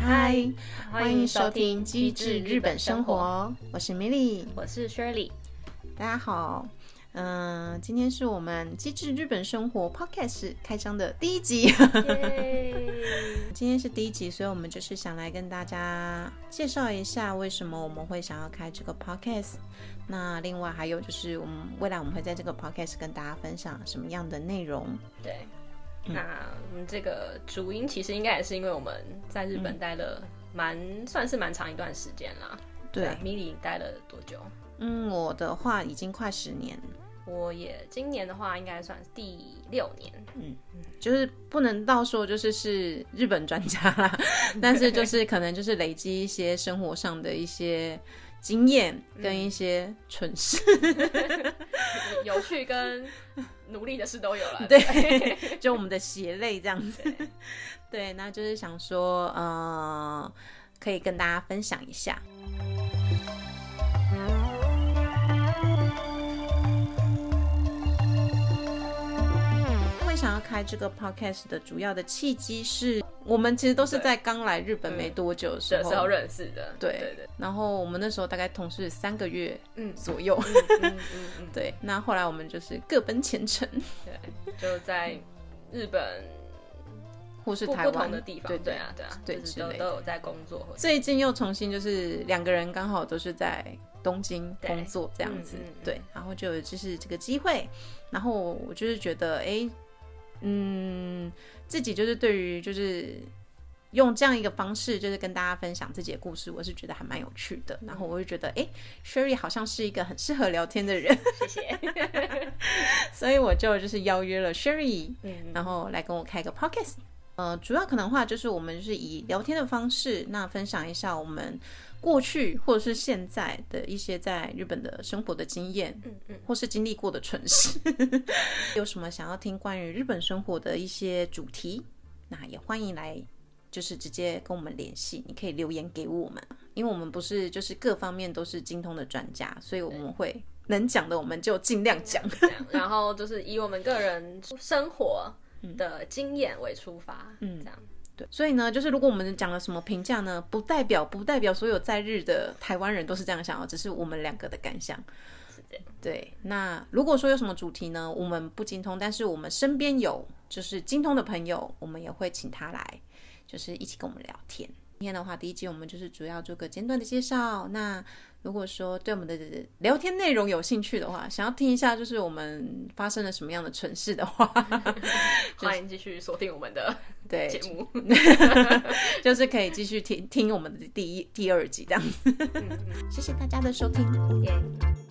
嗨，歡迎收聽《機智日本生活》，我是 Milly，我是 Shirley，大家好。嗯，今天是我們機智日本生活 podcast 開箱的第一集。 今天是第一集，所以我們就是想來跟大家介紹一下為什麼我們會想要開這個 podcast。那另外還有就是，我們未來我們會在這個 podcast 跟大家分享什麼樣的內容。對、嗯，那我們這個主因其實應該也是因為我們在日本待了蠻、嗯，算是蠻長一段時間啦。對啊，對啊，迷你待了多久？嗯，我的話已經快十年。我也今年的話，應該算第六年。嗯，就是不能到說就是是日本專家啦，但是就是可能就是累積一些生活上的一些經驗跟一些蠢事，嗯、 有趣跟努力的事都有啦。對， 就我們的血淚這樣子對。對，那就是想說，嗯、呃，可以跟大家分享一下。想要開這個 Podcast 的主要的契機是，我們其實都是在剛來日本沒多久的時候認識的。對對對。然後我們那時候大概同事三個月，嗯左右。嗯嗯嗯。對，那後來我們就是各奔前程。對，就在日本或是台灣的地方。對對啊對啊，對都都有在工作。最近又重新就是兩個人剛好都是在東京工作這樣子。對。然後就有就是這個機會，然後我就是覺得哎、欸。嗯，自己就是對於就是用這樣一個方式，就是跟大家分享自己的故事，我是覺得還蠻有趣的。嗯、然後我會覺得，哎、欸、，Sherry 好像是一個很適合聊天的人， 謝謝。 所以我就就是邀約了 Sherry，、嗯、然後來跟我開個 Podcast。呃，主要可能話就是我們是以聊天的方式，那分享一下我們。過去或者是現在的一些在日本的生活的經驗，嗯嗯，或是經歷過的城市。 有什麼想要聽關於日本生活的一些主題，那也歡迎來，就是直接跟我們聯繫，你可以留言給我們。因為我們不是就是各方面都是精通的專家，所以我們會能講的我們就盡量講， 然後就是以我們個人生活的經驗為出發，嗯，這樣。對，所以呢，就是如果我們講了什麼評價呢，不代表不代表所有在日的台灣人都是這樣想哦，只是我們兩個的感想。對，那如果說有什麼主題呢，我們不精通，但是我們身邊有就是精通的朋友，我們也會請他來，就是一起跟我們聊天。今天的話，第一集我們就是主要做個簡短的介紹。那如果說對我們的聊天內容有興趣的話，想要聽一下就是我們發生了什麼樣的蠢事的話。 歡迎繼續鎖定我們的對節目。 就是可以繼續聽聽我們的第一、第二集這樣子。嗯嗯、 謝謝大家的收聽，耶、yeah.。